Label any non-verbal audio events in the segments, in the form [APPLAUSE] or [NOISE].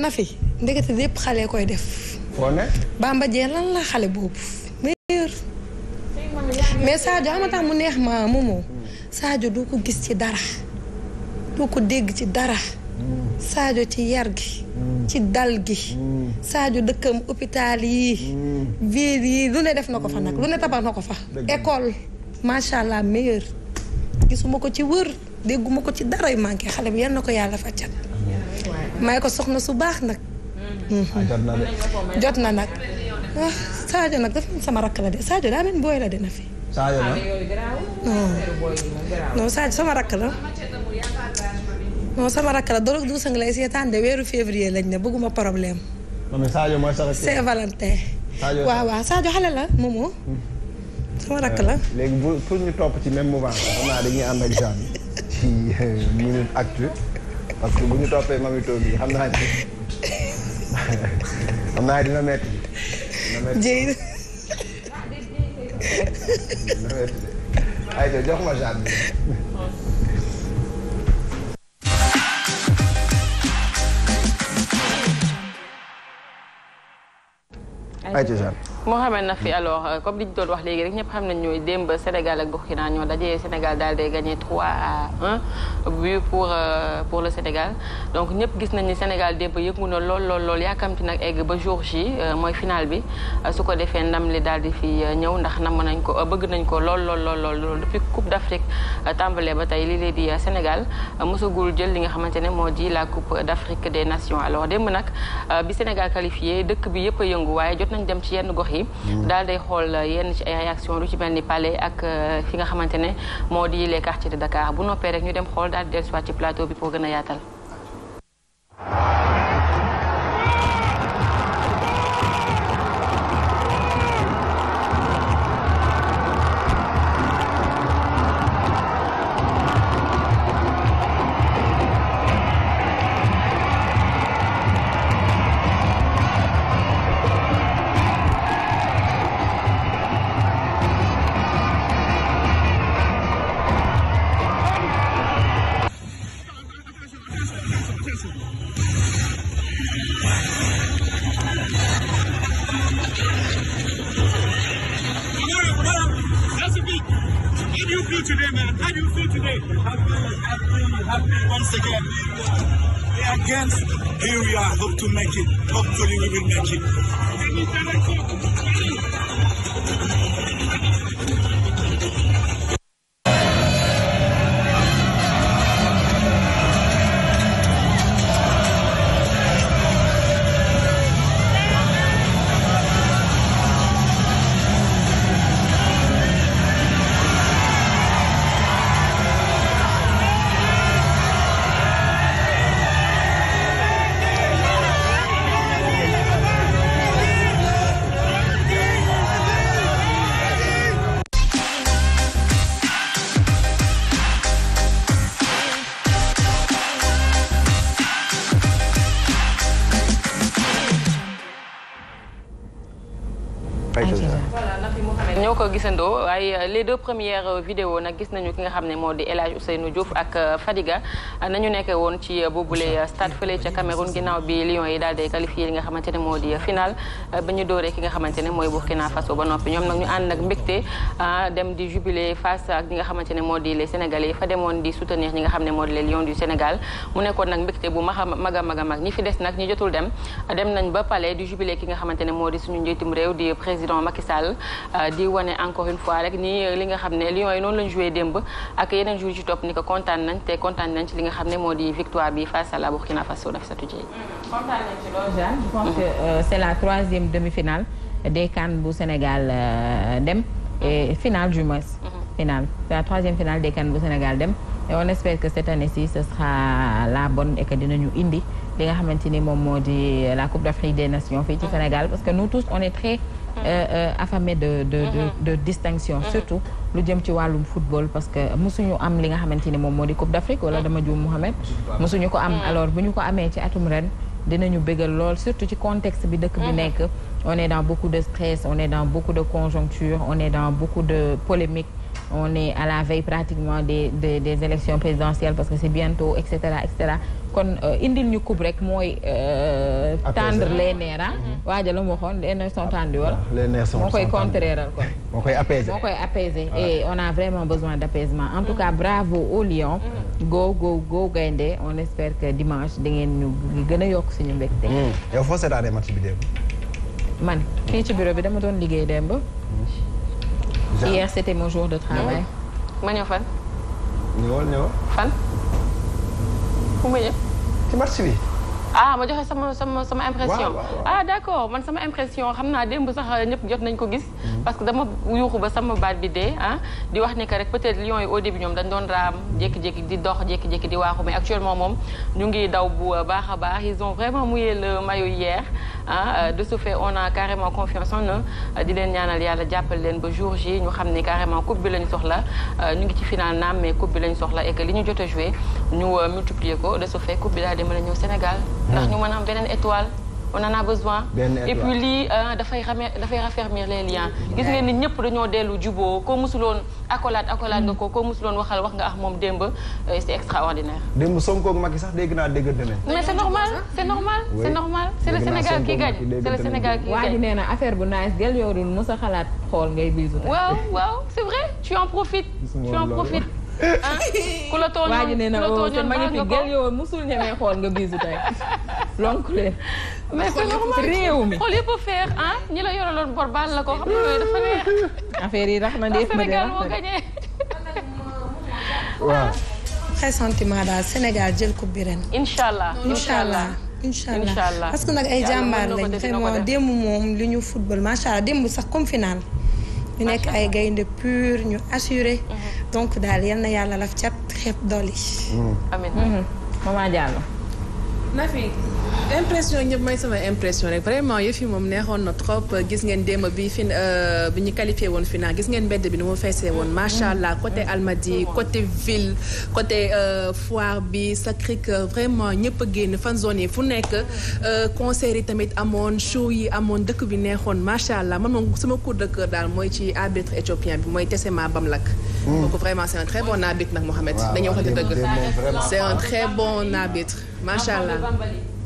na fi ndekete lépp xale koy def. Bamba Dieng lan la xale boobu. meilleur mais Sadio ama mu neex ma moomoo. saajo doo ko gis ci dara. doo ko dégg ci dara. Sadio ci yar gi. ci dal gi. Sadio dëkkam hôpital yi. ville yi lu ne def na ko fa nag lu ne tabax na ko fa. école macha allah meilleur. gisuma ko ci wër dégguma ko ci dara yu manqué xale bi yal na ko yàlla fàccal. ma ko soxna su baax nag. Ah, jot na nag ah Sadio nag dafa sama rakk la de Sadio daa booy la de na fi. Sadio ah. nag sama rakk la. non sama rakk la doroog du sang lay seetaan de weeru février lañ ne bëgguma problème. non mais Sadio mooy sa rakk Saint Valentin. Sadio la moomoo. sama rakk la euh, léegi bu pour ñu topp ci même mouvement xam naa dañuy ànd ak parce que bu ñu toppee mamito bi xam naa xam naa dina metti jéy dina metti de ayca jox ma genre bi ayca genre moo xamee Mohamed fi alors euh, comme li ñu doon wax léegi rek ñëpp xam nañ ñooy démb Sénégal ak Burkina ñoo daje Sénégal daal day gagné 3 à 1 but pour euh, pour le Sénégal donc ñëpp gis nañ ni Sénégal démb yëngu na lool lool lool yaakamti nag egg ba jour J euh, mooy final bi su ko defee ndam li daal di fi ñëw ndax nam nañ ko bëgg nañ ko lool lool lool lool depuis Coupe d'Afrique tàmbalee ba tey lii lay di Sénégal mosagul jël li nga xamante ne moo di la Coupe d'Afrique des Nations alors nag bi Sénégal qualifié dëkk bi yëpp a waaye jot nañ dem ci yenn gox yi hmm. daal day xool uh, yenn ci ay réaction lu ci mel ni palais ak uh, fi nga xamante ne moo di les quartiers de Dakar bu noppee rek ñu dem xool daal di dellusiwaat ci plateau bi pour gën a yaatal Here we are, hope to make it. Hopefully we will make it. ñoo ko gisandoo waaye euh, les deux premières euh, vidéos nag gis nañu ki nga xam ne moo di El Hadj Ousseynou Diouf ak euh, Fadiga nañu stade fële ca Cameroun ginnaaw bi Lions yi daal di qualifié li nga xamante ne moo di final ba ñu dooree ki nga xamante ne mooy Burkina Faso ba noppi ñoom nag ñu ànd nag mbégte dem di jubilé face ak ñi nga xamante ne moo di les Sénégalais yi fa demoon di soutenir ñi nga xam ne moo di les Lions du Sénégal mu nekkoon nag mbégte bu mag a mag a mag a ñi fi des nag ñi jotul dem dem nañ ba palais di jubilé ki nga xamante ne moo di suñu njiitum réew di président Macky Sall ne encore une fois rek nii li nga xam ne Lions yi noonu lañ joué démb ak yeneen joueurs ci topp ni ko kontaan nañ te kontaan nañ ci li nga xam ne moo di victoire bi face à la Burkina Faso daf sa tujjee. Euh, c'est la troisième demi-finale des CAN bu Sénégal euh, dem. et mhm. finale du moins. Mhm. finale c'est la troisième finale des CAN bu Sénégal dem. et on espère que cette année-ci ce sera la bon et dina ñu indi li nga xamante ni moom moo di la Coupe d'Afrique des Nations fii ci mm-hmm. Sénégal parce que nous tous on est très mm-hmm. Euh, euh de de, mm distinction surtout lu jëm ci wàllum football parce que mosuñu am li nga xamante ni moom moo di Coupe d'Afrique wala dama juum Mohamed mosuñu ko am alors bu ñu ko amee ci atum ren dinañu bégal lool surtout ci contexte bi dëkk bi nekk on est dans beaucoup de stress on est dans beaucoup de conjoncture on est dans beaucoup de polémique on est à la veille pratiquement des des, des élections présidentielles parce que c'est bientôt et cetera kon euh, indil ñu kub rek mooy. Euh, tendre les nerfs waaja la mu waxoon les nerfs sont tendus wala. Ah, les nerfs sont moo koy contréral kon. [LAUGHS] moo koy apaiser moo koy apaiser et on a vraiment besoin d'apaisement en tout cas mhm. bravo au Lion. Mhm. go go go gaynde on espère que dimanche da ngeen ñu gën a yokk suñu mbégte. Mhm. yow foo seetaanee match bi démb. man fii ci bureau bi dama doon liggéey démb. hier c' était mon de travail. ma ñëw fan. ñëwal fan. fu ma ñëw. ci marché bi. ah ma joxe sama sama sama impression. ah d' accord man sama impression xam naa dem démb sax euh, ñëpp jot nañ ko gis. Mm-hmm. parce que dama yuuxu ba sama baat bi dee ah di wax ne que rek peut-être lion yi au début ñoom dañ doon raam jékki-jékki di dox jékki-jékki di waaxu mais actuellement moom ñu ngi daw bu euh, baax a baax ils ont vraiment mouillé le maillot hier. Ah, euh, de ce fait on a carrément confiance en eux euh, di leen ñaanal yàlla jàppale leen ba jour ji ñu xam ne carrément coupe bi lañ soxla euh, ñu ngi ci final naam mais coupe bi lañ soxla et li ñu jot a joué ñu multiplier ko de ce fait coupe bi daal di a ñëw Sénégal. ndax hmm. ñu mën beneen étoile. naa en a besoin. et puis lii euh, dafay xame dafay raffermir les gis ngeen ni ñëpp dañoo dellu juboo koo musuloon accolade accolade nga ko koo musuloon waxal wax nga ak moom démb euh, c' est extraordinaire. démb Sonko ak Macky sax dégg naa déggante ne. mais c' est normal c' est normal c' normal c' est le Sénégal qui gagne c' est le Sénégal qui gagne. waa ji nee na affaire bu nice gel yow dul mos a xalaat xool ngay bisu. waaw waaw c' est vrai tu en profites. tu en profites. ah [LAUGHS] ku na oh, oo c' [LAUGHS] l'oncle mais c'est normal mi xool yëpp a feex ah, ñi la yoraloon bor baal la ko xam nga yooyu dafa neex. affaire yi rax na def moo gagné. waaw. Ah. pressentiment daal Sénégal jël coupe bi ren. incha allah incha allah. incha allah parce que nag ay jàmbaar lañ vraiment démb moom li ñu football macha allah démb sax comme final. ñu nekk ay gaynde pur ñu assuré. Mhm. donc daal yal na yàlla laf cat xeeb dolli. amiin mhm. maman Diallo. na fi. impression ñëpp mooy sama impression rek vraiment yëf yi moom neexoon na trop gis ngeen démb bi fin euh, bi ñu qualifié woon final gis ngeen mbedd bi ni mu feesee woon macha allah côté Almadies côté ville côté euh, foire bi sacré vraiment ñëpp a génn fan zone yi fu nekk euh, concert yi tamit amoon show yi amoon dëkk bi neexoon macha allah man moom sama coup de cœur daal mooy ci arbitre éthiopien bi mooy Tessema Bamlak. Hmm. donc vraiment c' est un très bon arbitre nag Mohamed. dañuy waxante dëgg c' est un très bon arbitre macha allah.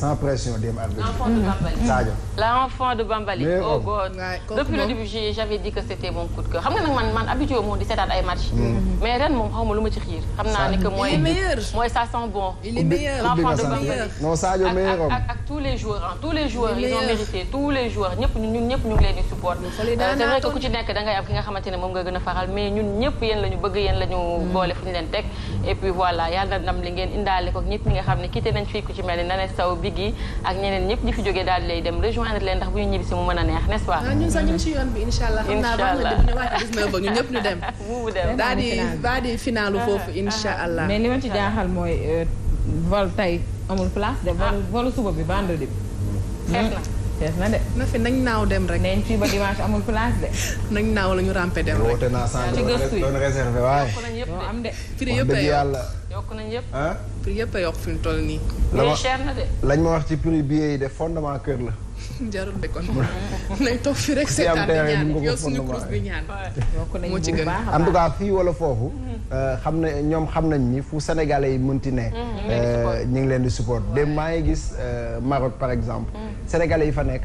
sans pression dem arbitre. en la enfant de Bambali. Oh, oh God depuis le début j'avais dit que c'était mon coup de cœur xam nga nag man man moom di seetaan ay match. Mm. mais ren moom xaw ma lu ma ci xiir. xam naa ne que mooy mooy ça sent bon. il nekk da ngay am ki nga xamante ne moom nga gën a faral mais ñun ñëpp yéen la bëgg yéen la ñu mm. fu ñu leen teg. et puis voilà yàlla ndam li ngeen indaale ko ñëpp ñi nga xam ne quitté nañ fii ku ci mel ni Nane Sow Biggi ak ñeneen ñëpp ñi fi jógee daal lay dem rejoindre ñaanal leen ndax bu ñu ñibbisi mu mën a neex n'est-ce pas. Ah, ñun sax ñu ngi yoon bi incha allah. incha allah xam de ba xam ne ba ñun ñëpp ñu dem. [LAUGHS] mu dem daal di daal foofu incha allah. mais li ma ci jaaxal mooy euh, vol tey amul place de vol ah. volu suba bi vendredi bi. xeet na xeet hmm? na na fi nañ naaw dem rek. nañ fii ba dimanche amul place de. [LAUGHS] nañ naaw la ñu rampe dem rek. woote naa sànq doon réservé waaye. am yëpp yokk nañ yëpp prix yëpp yokk fi mu toll nii. lañ ma wax ci prix billet yi de fondement kër la. jarul de kon [LAUGHS] nay toog fi rek seetaan di ñaan yow suñu kurus di ñaan moo ci en tout cas fii wala foofu euh, xam na ñoom xam nañ ni fu sénégalais yi mënti ne mm-hmm. euh, ñu ngi leen di support de maa ngi gis euh, Maroc par exemple mm-hmm. sénégalais yi fa nekk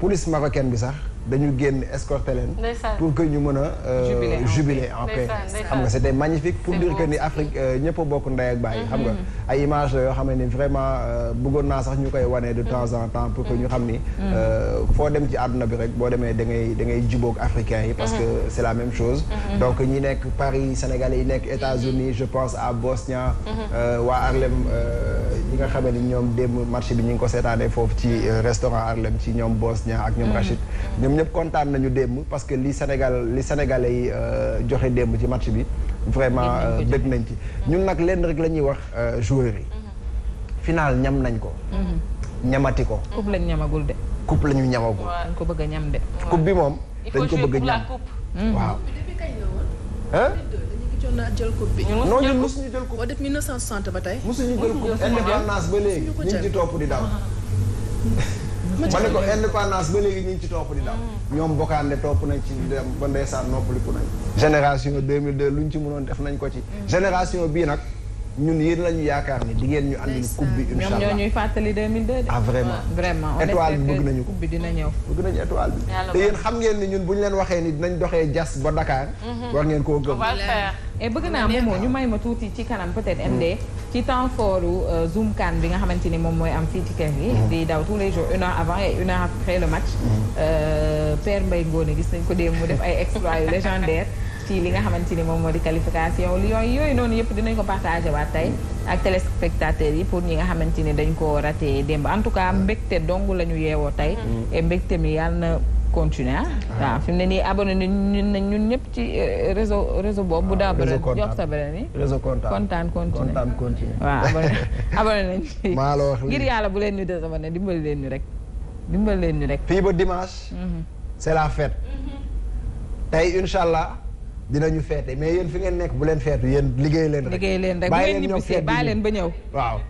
police marocaine bi sax dañu génn escorté leen pour que ñu mën a euh, jubilé en paix xam nga c'était magnifique pour dire que ni Afrique euh, ñëpp a bokk ndey ak bàyyi xam nga mm-hmm. ay image la yoo xam ni vraiment euh, bëggoon naa sax ñu koy wane de temps en temps pour que ñu mm-hmm. xam ni mm-hmm. foo dem ci àdduna bi rek boo demee da ngay da ngay jubóog africains yi parce que c'est la même chose donc ñi nekk Paris Sénégalais yi nekk États-Unis je pense à Bosnia waa Harlem ñi nga xamee ni ñoom démb marché bi ñu ngi ko seetaanee foofu ci euh, restaurant Harlem ci ñoom Boss Niang ak ñoom mm. Rachid ñoom ñëpp kontaan nañu démb parce que li Sénégal li Sénégalais euh, joxe démb ci match bi vraiment dëgg euh, nañ ci ñun nag lenn rek la ñuy wax joueurs yi mm-hmm. finaal ñam nañ ko mm-hmm. ñamati ko coupe lañ ñamagul de coupe la ñu ñamagul dañ ko bëgg a ñam de coupe bi moom dañ ko bëgg a ñam waaw hein jox naa jël coupe bi. non ñun mosu ñu jël coupe. boo def 1960 ba tey. mosu ñu jël coupe indépendance ba léegi ñu ngi ci topp di daw. ma ne ko indépendance ba léegi ñu ngi ci topp di daw. ñoom bokkaan de topp nañ ci dem ba ndeysaan noppaliku nañ. génération 2002 luñ ci mënoon def nañ ko ci. Hmm. génération bii nag ñun yéen lañu yaakaar ni di ngeen ñu andil coupe bi. incha allah ñuy fàttali de. ah vraiment ah, vraiment étoile bi bëgg nañu ko coupe bi dina ñëw. bëgg nañu étoile bi. te yéen xam ngeen ni ñun bu ñu leen waxee ni dinañ doxee jas ba Dakar. Mhm. war ngeen koo gëm. et eh, bëgg naa moomoo ñu may ma tuuti ci kanam peut-être MD ci temps fortu euh, Zoom CAN bi nga xamante ni moom mooy am fii ci kër gi mhm. di daw tous les jours une heure avant et une heure après le match mhm. euh, Père Mbaye Ngoné gis nañ ko démb mu def ay exploits yu légendaire ci li nga xamante ni moom moo di qualification Lions yooyu noonu yëpp dinañ ko partagé waat tey ak téléspectateurs yi pour ñi nga xamante ni dañ ko raté démb en tout cas mhm. mbégte dong lañu yeewoo tey et mbégte mi yàlla na continuer ah. ah. waaw ne nii abonné ñun ñun ñëpp ci euh, réseau réseau boobu. bu daa bëri jox sa beneen yi. réseau kontaan kontaan continué kontaan continué. waaw [LAUGHS] ngir yàlla bu leen ñu désabonné dimbali leen ñu rek. dimbali leen ñu rek. fii ba dimanche. Mhm. c'est la fête. Mhm. tey incha allah dinañu feete mais yéen fi ngeen nekk bu leen feetu yéen liggéey leen rek. liggéey leen rek bu ngeen ñibbisee leen ba ñëw. waaw.